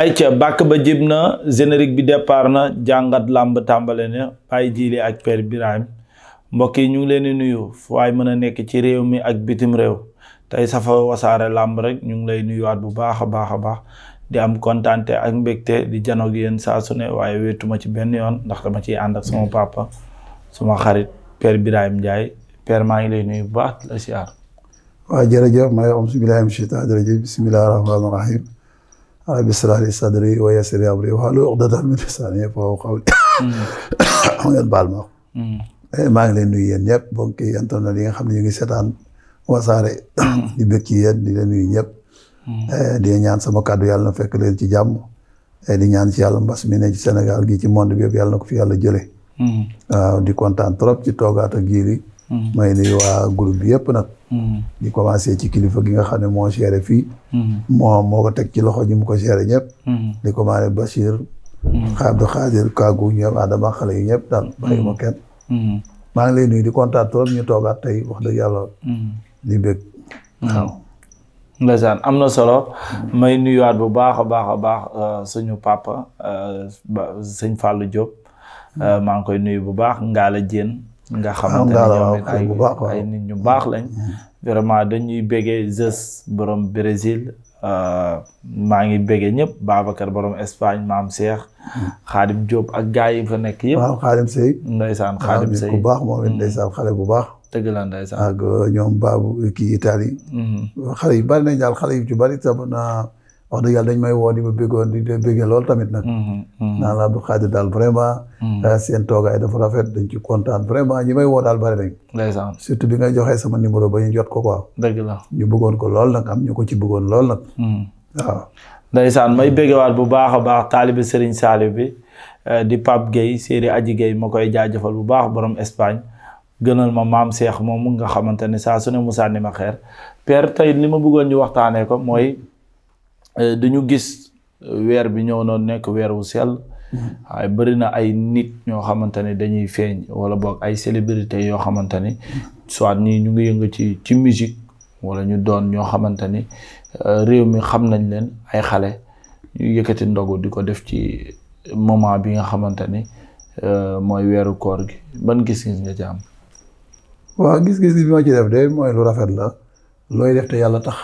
ayca bàkk ba jib na générique bi départ na jàngat làmb tàmbale na Baye Djily ak per Birahim mbokk yi ñu ngi leen di nuyu fu waay mën a nekk ci réew mi ak bitim réew tey safa wasaare làmb rek ñu ngi lay nuyuwaat bu baax a baax a baax di am kontante ak mbegte di janoog yéen saa su ne waaye wetuma ci benn yoon ndax dama ciy ànd ak suma papa suma xarit per Birahim Ndiaye per maa ngi lay nuyu bu baax la siyaar. waaw jërëjëf maa ngi am bisimilah rahmaani rahim rabbi israh li sadri wa yassir li amri wahlul uqdatan min lisani ngeen baal ma maa ngi leen nuyu yéen ñëpp bokk internet yi nga xam ne ñu ngi seetaan wasaare di bëgg ci yéen di leen nuyu ñëpp mm. eh, di ñaan sama kàddu yàlla na fekk leen ci jàmm eh, di ñaan ci yàlla mbas mi ne ci senegal gi ci monde bi yëpp yàlla na ko fi yàlla jële mm. waaw di kontaan trop ci toogaat ak giir mm. may nuyu waa groupe bi yëpp nag Mm-hmm. di commencé ci kilifa gi nga xam ne moo géré fii mm-hmm. moo moo ko teg ci loxo ñi mu ko géré ñëpp mm-hmm. di commencé Bachir Abdou Khadir Kaagu ñoom Adama xale yu ñëpp daal bàyyi ma kenn maa ngi lay nuyu di kontaan ñu toogaat tey wax dëgg yàlla di bég waaw ndeysaan am na solo may nuyuwaat bu baax a baax a baax euh, suñu papa euh, sëñ Fallou Diop euh, maa ngi koy nuyu bu baax Ngala Diène nga xamante ne ñoom ay nit ñu baax lañ. vraiment dañuy béggee Zeus borom Brésil euh, maa ngi béggee ñëpp Babacar borom Espagne maam Cheikh. Xaadim Diop ak gars yi fa nekk yëpp. waaw Xaadim Sey. Ndeysaan Xaadim Sey bu baax moom it mm. ndeysaan xale bu baax. dëgg la ndeysaan euh, ñoom Babu kii Italie. Mm-hmm. wax dëgg yàlla dañ may woo di ma béggoon di béggee lool tamit nag mhm, mhm. naan laa du Khadir daal vraiment mhm. ah, seen toogaay dafa rafet dañ ci kontaan vraiment ñi may woo daal bari nañ ndeysaan surtout bi ngay joxee sama numéro ba ñu jot ko quoi dëgg la ñu bëggoon ko lool nag am ñu ko ci bëggoon lool nag waaw ndeysaan may béggewaat bu baax a baax taalibi Serigne Saliou bi eh, di Pape Gueye Seydi Aji Gueye ma koy jaajëfal bu baax borom Espagne gënal ma maam Cheikh moom nga xamante ne saa su ne Moussa ni ma xeer père tey li ma bëggoon ñu waxtaanee ko mooy Euh, dañu gis euh, weer bi ñëw noonu nekk weer wu sell. waaye mm-hmm. bëri na ay nit ñoo xamante ne dañuy feeñ wala boog ay célébrité yoo xamante ni mm-hmm. soit ñii ñu ngi yëngu ci ci musique wala ñu doon ñoo xamante ni euh, réew mi xam nañ leen ay xale ñu yëkkati ndogu di ko def ci moment bi nga xamante ni mooy weeru koor gi ban gis-gis nga ci am. gis-gis bi ma ci def de mooy lu rafet la looy def te yàlla tax.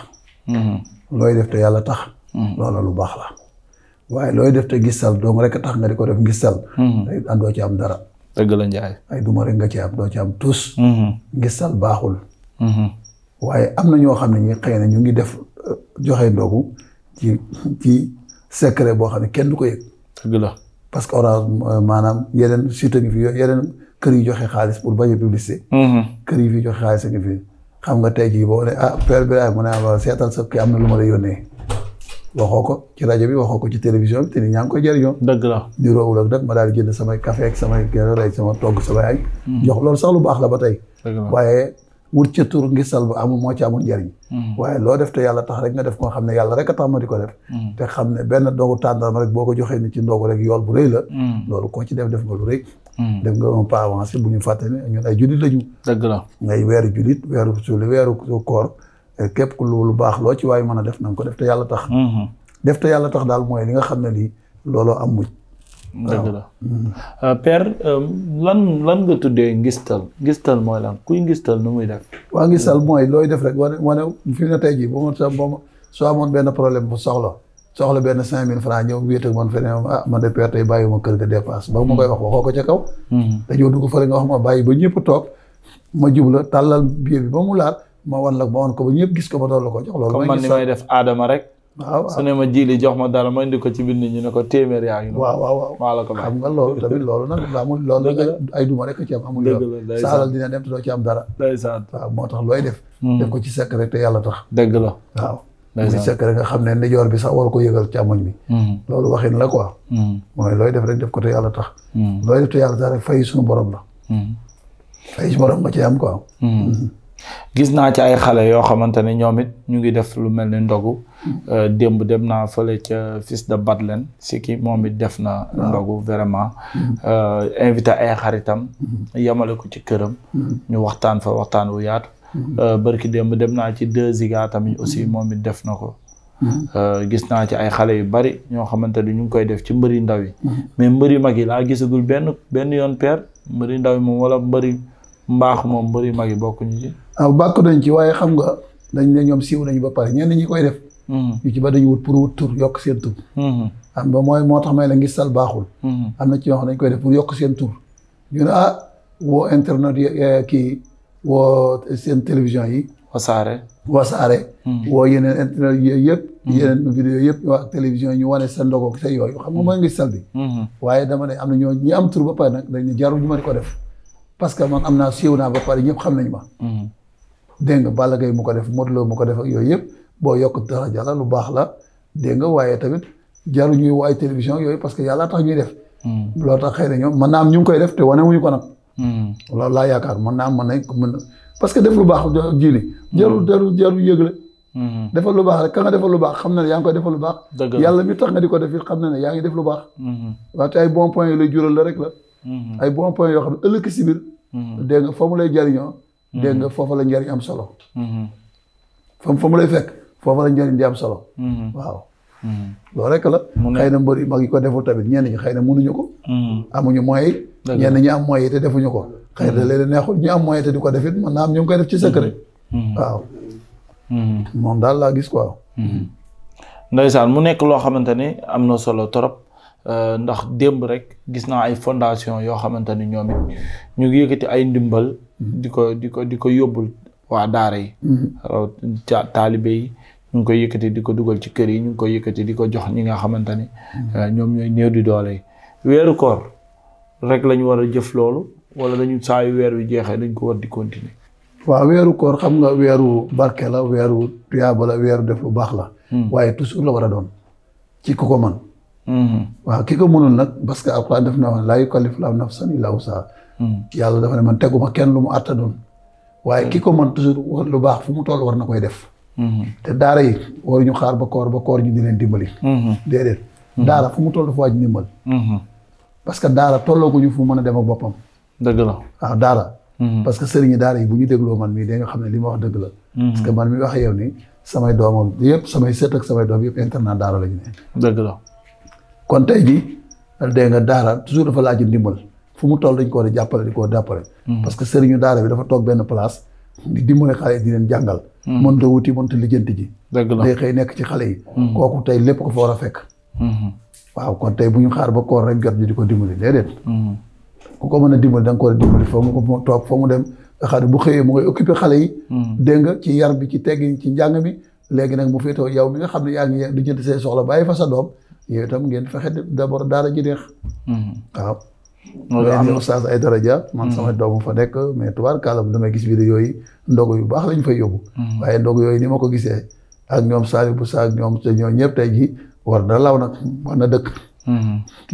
Mm-hmm. looy def te yàlla tax hmm. loola lu baax la waaye looy def te gisal doom rek tax nga di ko def gisal hmm. ay doo ci am dara dëgg la njaay ay duma rek nga ci am doo ci am tuus hmm. gisal baaxul waaye am na ñoo xam ne ñi xëy na ñu ngi def euh, joxe ndogu ci ci secret boo xam ne kenn du ko yëg dëgg la parce que orange euh, maanaam yeneen surtout ngi fi yeneen kër yi joxe xaalis pour bañ a kër yi fi joxe xaalis a ngi fi am nga tey jii boo ne ah père Birahim mu ne ah seetal sa kii am na lu ma la yónnee waxoo ko ci rajo bi waxoo ko ci télévision bi te ni ñaa ngi koy jëriñoo. dëgg la ñu roowul ak dëgg ma daal di jënd samay café ak samay gerte rek sama togg samay añ. Mm-hmm. jox loolu sax lu baax la ba tey. waaye wut ca tur ngisal bu amul moo ci amul njariñ hmm. waaye loo def te yàlla tax rek nga def koo xam ne yàlla rek a tax ma di ko def hmm. te xam ne benn doogu tàndarma rek boo ko joxee ni ci ndogu rek yool bu rëy la hmm. loolu koo ci def def nga lu rëy def nga un pas avancé bu ñu fàtte ne ñun ay julit lañu dëgg la ngay weeru julit weeru suuli weeru koor eh, képp ku lu baax loo ci waaye mën a def na nga ko def te yàlla tax def te yàlla tax daal mooy li nga xam ne lii looloo am mujj dëgg la euh, père euh, lan lan nga tuddee ngistal ngistal mooy lan kuy ngistal nu muy def waa ngistal mooy looy def rek wane wane fi mu ne tey jii boo ma boo ma soo amoon benn problème bu soxla soxla benn cinq mille francs ñëw wéet ak man feneen ah man de père tey bàyyi ma kër ga dépasse ba ma koy wax waxoo ko ca kaw hmm. dañoo fa fële nga wax ma bàyyi ba ñëpp toog ma jubla tàllal biir bi ba mu laal ma wan la ma wan ko ba ñëpp gis ko ma doon la ko jox loolu comme man ni may def aadama rek waaw ma jili jox ma dara ma ci biir nit ko téeméer yaa ngi. waaw waaw maa la ko xam nga loolu tamit loolu nag amul loolu nag ay duma rek ci am amul loolu sa dina dem te doo ci am dara ndeysaan waaw moo tax looy def hmm. def ko ci sekk rek te yàlla tax dëgg la waaw ci sekk rek xam ne ndijoor bi sax ko yëgal càmmoñ bi hmm. loolu waxin la quoi hmm. mooy looy def rek def ko te yàlla tax looy def te yàlla tax rek fay suñu borom la fay suñu borom nga ci am quoi gis naa ci ay xale yoo xamante ne ñoom it ñu ngi def lu mel ni ndogu euh, démb dem naa fële ca fils de Badlen si ki moom it def na ndogu vraiment mm-hmm. euh, invité ay xaritam mm-hmm. yemale ko ci këram mm-hmm. ñu waxtaan fa waxtaan wu yaatu euh, bërki démb dem naa ci deux ziga tamit aussi moom it def na ko gis naa ci ay xale yu bari ñoo xamante ne ñu ngi koy def ci mbëri ndaw yi mais mbëri mag yi laa gisagul benn benn yoon peer mbëri ndaw yi moom wala mbëri mbaaxu moom mbëri mag yi bokkuñu ci. ah bàkk nañ ci waaye xam nga dañ ne ñoom siiw nañu ba pare ñenn ñi koy def. Hmm. ñu ci ba dañu wut pour wut tur yokk seen tur. Hmm. am ba mooy moo tax may la ngis sal baaxul. Hmm. am na ci yoo dañ koy def pour yokk seen tur. ñu ne ah woo internet yi ki woo seen télévision yi. wasaare. wasaare. woo yeneen internet yooyu yëpp. yeneen vidéo yëpp waa télévision yi ñu wane sa ndogoog sa yooyu xam nga mooy ngis sal bi. waaye dama ne am na ñoo ñi am tur ba pare nag dañ ne jarul ñu mën ko def. parce que man am naa siiw naa ba pare ñëpp xam nañ ma. Mm-hmm. dégg nga Balla Gaye mu ko def Modou Lo mu ko def ak yooyu yëpp boo yokk tax jàlla lu baax la dégg nga waaye tamit jaru ñuy waay télévision yooyu parce que yàlla tax ñuy def. Mm-hmm. loolu tax xëy na ñoom mën naa am ñu ngi koy def te wane wuñu ko nag. Mm-hmm. loolu laa yaakaar mën naa am mën nañ ko mën parce que def lu baax jiili. jarul jarul jarul yëgle. defal lu baax rek ka nga defal lu baax xam na ne yaa ngi koy defal lu baax. yàlla mi tax nga di ko def xam na ne yaa ngi def lu baax. waaye te ay bon la rek la. Mhm. ay bon point yoo xam ne ëllëg si biir. Mhm. dégg nga fa mu lay jariñoo. Mhm. dégg nga foofa la njariñ am solo. fa fa lay fekk foofa la njariñ di am solo. waaw. loolu rek la. xëy na mbër yu mag yi ko deful tamit ñenn ñi xëy na mënuñu ko. amuñu mooy yi. dëgg ñenn ñi am mooy yi te defuñu ko. xëy na léeg neexul ñu am moyen te di ko def it mën naa am ñu ngi koy def ci secret. waaw. moom daal laa gis quoi. ndeysaan mu nekk loo xamante ni am na solo trop. Euh, ndax démb rek gis naa ay fondation yoo xamante ni ñoom it ñu ngi yëkkati ay ndimbal di ko di ko di ko yóbbul waa daara yi mhm. raw taalibe yi ñu ngi koy yëkkati di ko dugal ci kër yi ñu ngi koy yëkkati di ko jox ñi nga xamante ni mhm. euh, ñoom ñooy néew di doole yi weeru koor rek lañu war a jëf loolu wala dañu saa yu weer wi jeexee dañ ko war di continuer waaw weeru koor xam nga weeru barke la weeru tuyaaba la weeru def lu baax la hmm. waaye toujours la war a doon ci ku ko man Mm-hmm. waaw ki ko mënul nag parce que alquran def na woon laa yukallifu llaahu nafsan illaa wusahaa mm-hmm. yàlla dafa ne man teguma kenn lu mu àttanul waaye mm-hmm. ki ko mën toujours lu baax fu mu toll war na koy def te daara yi waruñu xaar ba koor ba koor ñu di leen dimbali déedéet daara fu mu toll dafa waaj ndimbal parce que daara tollooguñu fu mën a dem ak boppam dëgg la waaw ah, daara parce que sëriñi daara yi bu ñu dégloo man mii dañu xam ne li ma wax dëgg la parce man mi wax yow ni samay doomam yëpp samay sët yëpp internat daara la kon tey jii dégg nga daara toujours dafa laaj ndimbal fu mu toll dañ ko war a jàppale di ko jàppale. Hmm. parce que sëriñu daara bi dafa toog benn place di dimbale xale di leen jàngal. Hmm. mënta wuti mënta lijjanti ji. dëgg la day xëy nekk ci xale yi. Hmm. kooku tey lépp ko fa war a fekk. waaw kon tey bu ñu xaar ba koor rek jot ñu di ko dimbali déedéet. ko mën a dimbali da nga ko war a dimbali foo mu toog foo mu dem nga xam ne bu xëyee mu ngay occupé xale yi. dégg nga ci yar bi ci teggin ci njàng mi léegi nag mu feetoo yow bi nga xam ne yaa ngi du jënd say soxla bàyyi fa sa doom yooyu itam ngeen fexe d' abord daara ji neex. Mm-hmm. waaw. loolu am na oustaz ay daraja man mm-hmm. sama doomu fa nekk mais tubaarkàlla damay gis biir yooyu ndogu yu baax lañ fay yóbbu. Mm-hmm. waaye ndogu yooyu ni ma ko gisee. ak ñoom saali bu sa ak ñoom sa ñoom ñëpp tey ji war na law nag war na dëkk.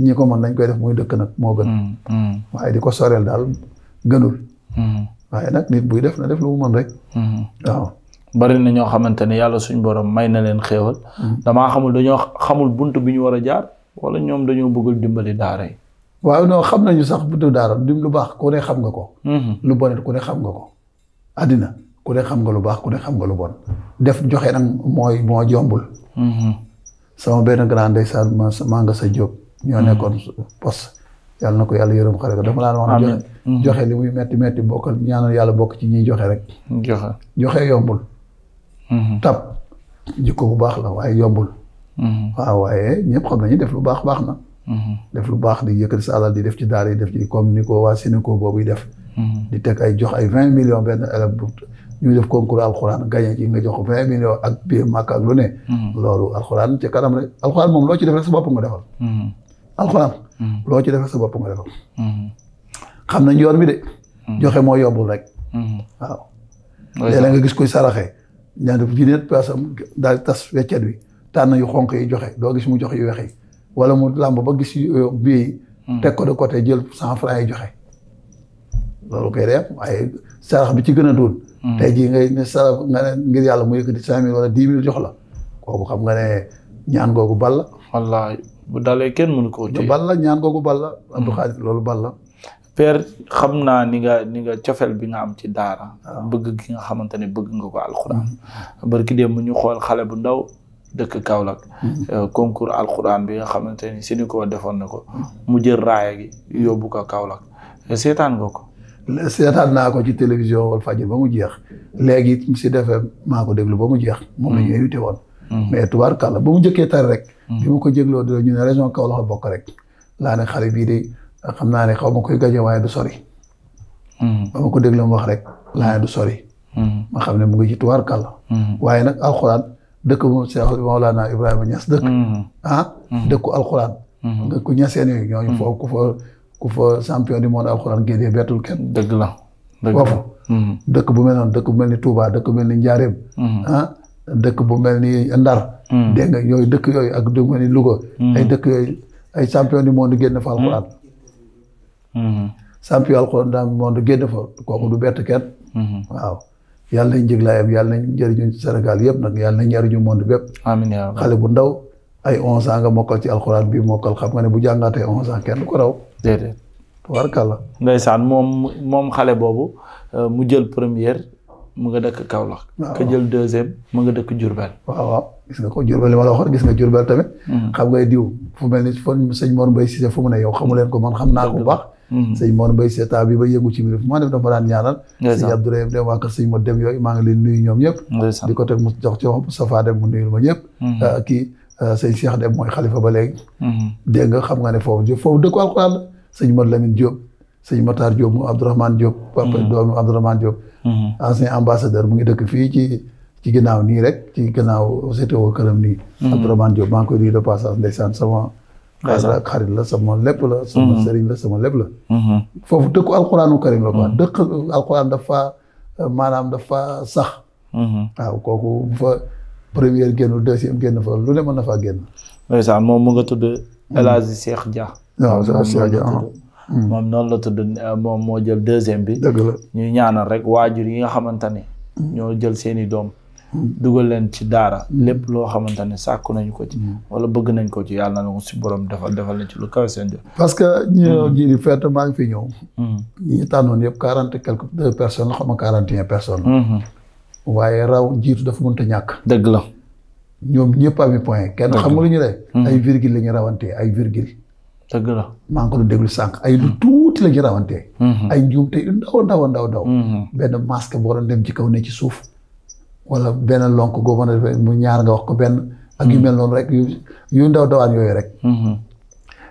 ñi ko mën nañ koy def muy dëkk nag moo gën. waaye di ko soreel daal gënul. waaye nag nit buy def na def lu mu mën rek. waaw. bari na ñoo xamante ne yàlla suñ borom may na leen xéewal mm-hmm. damaa xamul dañoo xamul bunt bi ñu war a jaar wala ñoom dañoo bëggul dimbali daara yi waaw non xam nañu sax buntu daara di lu baax ku ne xam nga ko mm-hmm. lu bon ku ne xam nga ko àddina ku ne xam nga lu baax ku ne xam nga lu bon def joxe nag mooy moo jombul mm-hmm. sama benn grand ndeysaan ma maa nga sa jóob ñoo nekkoon poste yàlla na ko yàlla yërëm xare ko dama daan wax ne joxe li muy metti metti bokkal ñaanal yàlla bokk ci ñiy joxe rek joxe joxe yombul Mhm. tab jikko bu baax la waaye yombul. Mhm. waaw waaye ñëpp xam nañu def lu baax baax na. Mhm. def lu baax di yëkkati sa alal di def ci daara yi def ci comme ni ko waa Sénégal boobu def. di teg ay jox ay vingt millions benn élève bu ñu def concours alxuraan gagné ci nga jox vingt millions ak biir màkk ak lu ne. loolu alxuraan ci kanam rek alxuraan moom loo ci def rek sa bopp nga defal. alxuraan. loo ci def rek sa bopp nga defal. xam nañ yoon bi de. joxe moo yombul rek. waaw. léeg nga gis koy saraxee. ñaan bu ci nekk paasam daal tas weccet wi tànn yu xonk yi joxe doo gis mu jox yu weex yi wala mu làmb ba gis yu euh, bii yi. Hmm. teg ko de côté jël cent franc yi joxe. loolu koy def waaye sarax bi ci gën a doon. Hmm. tey jii ngay ne sarax nga ne ngir yàlla mu di cinq mille wala dix mille jox la kooku xam nga ne ñaan googu bal la. wallaay bu dalee kenn mënu koo téye bal la ñaan googu bal la. Hmm. Abdou Khadir loolu bal la. père xam naa ni nga ni nga cofeel bi nga am ci daara bëgg gi nga xamante ne bëgg nga ko alxuraan mm-hmm. barki mu ñu xool xale bu ndaw dëkk Kaolack mm-hmm. euh, concours alxuraan bi nga xamante ni si ni ko defoon na ko mm-hmm. mu jël raaya gi yóbbu ko Kaolack euh, seetaan nga ko seetaan naa ko ci télévision wal fajir ba mu jeex léegi si defee maa ko déglu ba mu jeex moom la ñu invité woon mais tubaarkàlla ba mu jëkkee tar rek bi ma ko jégloo d ñu ne région Kaolack bokk rek laa ne xam naa ne xaw ma koy gaje waaye du sori. Hmm. ba ma ko déglu mu wax rek laa du sori. Hmm. ma xam ne mu ngi ci tuwaar kàlla. Hmm. waaye nag alxuraan dëkk bu Cheikh Maulana Ibrahima Niass dëkk. ah dëkku alxuraan. nga ku ku fa ku fa champion du monde alxuraan dëgg la dëgg dëkk bu mel noonu dëkk bu mel ni Touba dëkk bu mel ni Njaareem. ah dëkk bu mel ni Ndar. dégg nga yooyu dëkk yooyu ak du mel ni Louga. ay dëkk yooyu ay champion du monde génn fa alxuraan. Mm-hmm. champion alxuraan daal monde génn fa kooku du bett kenn. Mm-hmm. waaw yàlla nañ jéglaayam yàlla nañ njëriñu Sénégal yëpp nag yàlla nañ njëriñu monde bépp. xale bu ndaw ay onze ans nga mokkal ci alxuraan bi mokkal xam nga ne bu jàngaatee onze ans kenn ko raw. déedéet. tubaarkàlla. ndeysaan moom moom xale boobu euh, mu jël première mu nga dëkk Kaolack. waaw ka jël deuxième mu nga dëkk Diourbel. waaw waaw gis nga ko Diourbel li ma la waxoon gis nga Diourbel tamit. Mm-hmm. xam ngay diw fu ni fan sëñ Mor Mbaye Cissé fu mu ne yow leen ko man xam naa ko bu baax. Mm-hmm. sëñ Maodo Mbaye Seeta bi ba yëngu ci mbir fu ma dem dafa daan ñaanal sëñ Abdourahim dem waa kër sëñ Modou dem yooyu maa ngi leen nuyu ñoom ñëpp di ko teg mu jox ci wax Safa dem mu nuyul ma ñëpp mm-hmm. euh, kii euh, sëñ Cheikh dem mooy xalifa ba léegi mm-hmm. dégg nga xam nga ne foofu jo foofu dëkku alxuraan la sëñ Modou Lamine Diop sëñ Matar Diop mu Abdourahmane Diop papa doomu Abdourahmane mu ngi dëkk fii ci ci ginnaaw nii rek ci ginnaaw CTO këram nii Abdourahmane Diop maa ngi koy nuyu de xaasa ak la sama lépp la sama mhm. sëriñ la sama lépp la mhm. foofu dëkku alquraanu karim la fa mhm. dëkk alquraan dafa euh, maanaam dafa sax waaw kooku bu fa première génn deuxième génn fa lu ne mën na faa génn ndeysaan moom mu nga tudd El Hadji Cheikh Dia waaw Cheikh Dia ah. moom noonu la tudd euh, moo jël deuxième bi dëgg la ñuy ñaanal rek waajur yi nga xamante ne ñoo jël seeni doom dugal leen ci daara lépp loo xamante ne sàkku nañu ko ci mm. wala bëgg nañ ko ci yàlla na ko si borom defal defal na ci lu kawe seen jot parce que ñu ji mm. di fête maa ngi fi ñëw mm. ñi ñu tànnoon yëpp quarante quelque deux personnes la xam nga quarante et un personnes mm-hmm. waaye raw jiitu dafa mënta ñàkk dëgg la ñoom ñëpp ami point kenn xam nga lu ñu rey mm-hmm. ay virgule la ñu rawantee ay virgule dëgg la maa ngi ko doon déglu sànq ay lu tuuti la rawantee mm-hmm. ay njuum te ndaw ndaw wala benn lonk goo mën a defee mu ñaar nga wax ko benn. ak yu hmm. mel noonu rek yu ndaw dawaan yooyu rek. Hmm.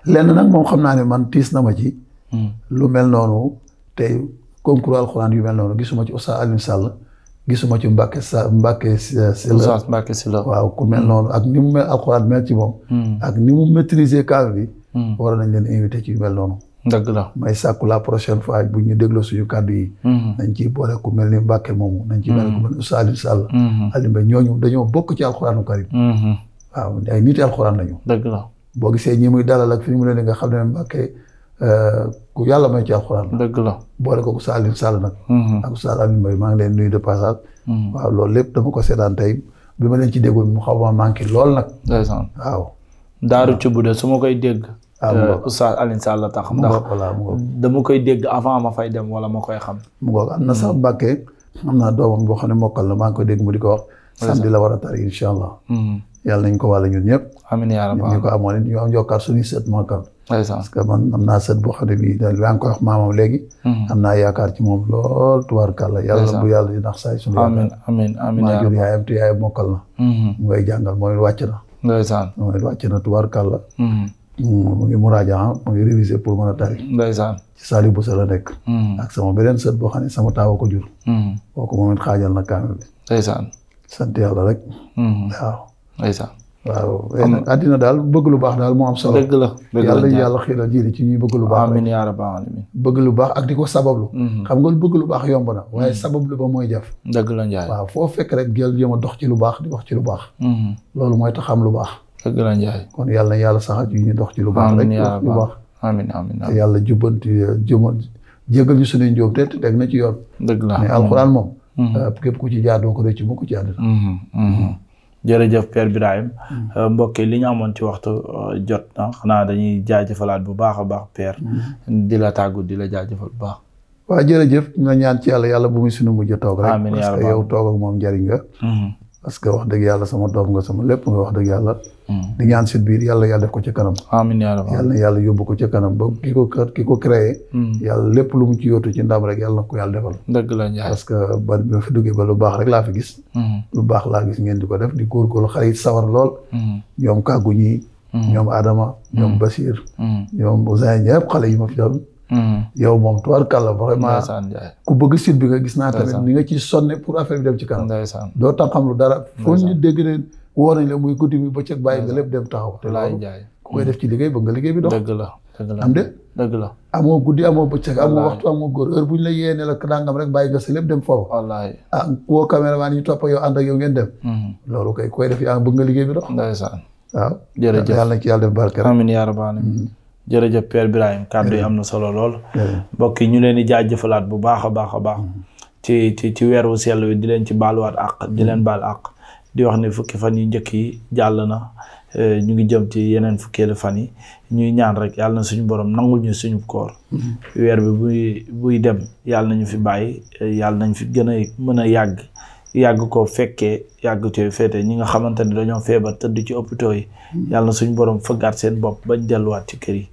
lenn nag moom xam naa ne man tiis na ma ci. Hmm. lu mel noonu tey concours alxuraan yu mel noonu gisuma ci Oustaz Alioune Sall gisuma ci Mbacke sa Mbacke Sylla. Mbacke Sylla waaw ku mel noonu ak ni mu mel alxuraan mel ci moom. ak ni mu maîtriser cadre bi. war nañ leen invité ci yu mel noonu. dëgg la may sàkku la prochaine fois bu ñu dégloo suñu kàddu yi. Mm-hmm. nañ ciy boole ku mel ni Mbacke moomu. nañ ciy boole ku mm-hmm. mel ni Saliou Sall. Mm-hmm. Alioune Mbaye ñooñu dañoo bokk ci alxuraanu karim. waaw ay nit alxuraan lañu. dëgg la boo gisee ñi muy dalal ak fi mu ne nii nga xam ne Mbacke eh, ku yàlla may ci alxuraan. la boole ko ku Saliou Sall nag. ak Sall Alioune Mbaye maa ngi leen nuyu de loolu lépp dama ko seetaan tey bi ma leen ci déggul mu xaw ma manqué lool nag. waaw. daaru ci bu dee su ma koy dégg. Euh, Oustaz Alioune Sall tax ndax dama koy dégg avant a fay dem wala ma koy xam mu ngoog am na sax hmm. Mbàkke am naa doomam boo xam ne mokkal na maa ngi mu ko wax samedi la war a hmm. ko wàlla ñun ñëpp amiin yaa rabbi ñu ko amoon it ñu am jokkaat suñuy sët mokkal parce que man am naa sët boo xam ne bii daa ngi koy wax maamam léegi hmm. am naa yaakaar ci na mu ngay jàngal mooy wàcc na ndeysaan mooy wàcc na tubaarkàlla mu ngi muraaja ah, mu ngi révisé pour mën a tari. ndeysaan ci bu sa la nekk. Hmm. ak sama beneen sët boo xam ne sama taawa ko jur. Hmm. kooku moom it xaajal na kaamil bi. ndeysaan sant yàlla rek. Hmm. waaw ndeysaan. waaw àddina daal bëgg lu baax daal moo am solo la yàlla yàlla xiiral jiiri ci ñuy bëgg lu baax amiin yaa rabbal bëgg lu baax ak di ko sabablu xam nga bëgg lu baax yomb na waaye sabablu ba mooy jaf dëgg la njaay waaw foo fekk rek gel jéem a dox ci lu baax di wax ci lu baax loolu mooy tax am lu baax dëgg la Njaay yàlla yàlla sax ju ñu dox ci lu baax rek lu baax amiin amiin te yàlla jubbanti jëma jégal ñu suñuy njóob te na ci yoon dëgg la mais alxuraan moom mhm. euh, képp ci jaar doo ko rëcc mukk ci àddina mhm, mhm. jërëjëf Père Birahim euh, mbokk li ñu amoon ci waxtu euh, jot na xanaa dañuy jaajëfalaat bu baax a baax Père di la tàggu di la jaajëfal bu baax waaw jërëjëf nga ñaan ci yàlla yàlla bu muy suñu mujj toog rek parce que yow toog ak moom njariñ nga parce que wax dëgg yàlla sama doom nga sama lépp nga wax dëgg yàlla. Hmm. di ñaan si biir yàlla yàlla def ko ci kanam. amiin yàlla yàlla yóbbu ko ci kanam ba ki ko ki ko créé. Hmm. yàlla lépp lu mu ci yootu ci ndam rek yàlla na ko yàlla defal. dëgg la Ndiaye ba duggee ba lu baax rek laa fi gis. Hmm. lu baax laa gis ngeen di ko def di góor xale yi sawar lool. ñoom kàggu ñii. ñoom Adama. ñoom Basir. ñoom Ousayn ñëpp xale yi ma fi doon. Mm-hmm. yow moom tubaarkàlla vraiment ku bëgg site bi nga gis naa tamit ni nga ciy sonne pour affaire bi dem ci kanam doo tax xam lu dara foo ñu dégg ne woo nañ la muy guddi bi bëccëg bàyyi nga lépp dem taxaw te loolu ku koy def ci liggéey bëgg nga bi dox dëgg la am de dëgg la amoo guddi amoo bëccëg amoo bu ñu la yéene rek bàyyi nga sa lépp dem foofu wallaahi ah woo caméraman yi topp ak yow ànd ak ngeen dem mm-hmm. loolu kay koy def yaa bëgg nga liggéey bi dox ndeysaan waaw ah. jërëjëf yàlla na ci yàlla def barke amiin jërëjëf Père Birahim kàddu yi am na solo lool. mbokk yi ñu leen di jëfalaat bu baax a baax a baax. Mm-hmm. ci ci ci weer wu sell wi di leen ci baaluwaat ak di leen mm-hmm. baal àq di wax ne fukki fan yi njëkk yi jàll na eh, ñu ngi jëm ci yeneen fukkeelu fan yi ñuy ñaan rek yàlla na suñu borom nangul ñu suñu koor. Mm-hmm. weer bi buy buy dem yàlla nañu fi bàyyi yàlla nañ fi gën a mën a yàgg. yàgg koo fekkee yàgg cooy féete ñi nga xamante ne dañoo feebar tëdd ci hôpitaux yi hmm. yàlla na suñ borom fëggaat seen bopp bañ delluwaat ci kër yi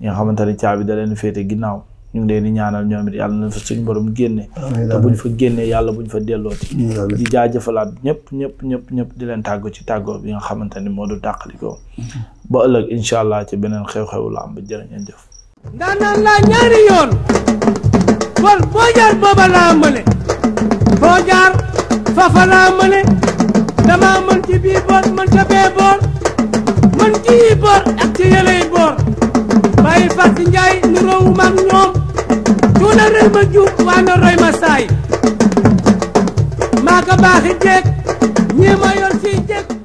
ñi nga xamante ne caabi da leen féete ginnaaw ñu ngi leen di ñaanal ñoom it yàlla na suñ borom génne te buñ fa génnee yàlla buñ fa dellooti di jaajëfalaat ñëpp ñëpp ñëpp ñëpp di leen tàggu ci tàggoo bi nga xamante ni moo du tàqalikoo hmm. ba ëllëg incha allah ci beneen xew-xewu la am ba jërë ngeen jëf ndaanaan laa foo jaar fafanaa mëne dama mën ci bii mën ca mën ci boor ak ci yëley boor nu roowu mag ñoom cuuna rëy ma waa na roy ma maa ko baaxi ñii ma yor si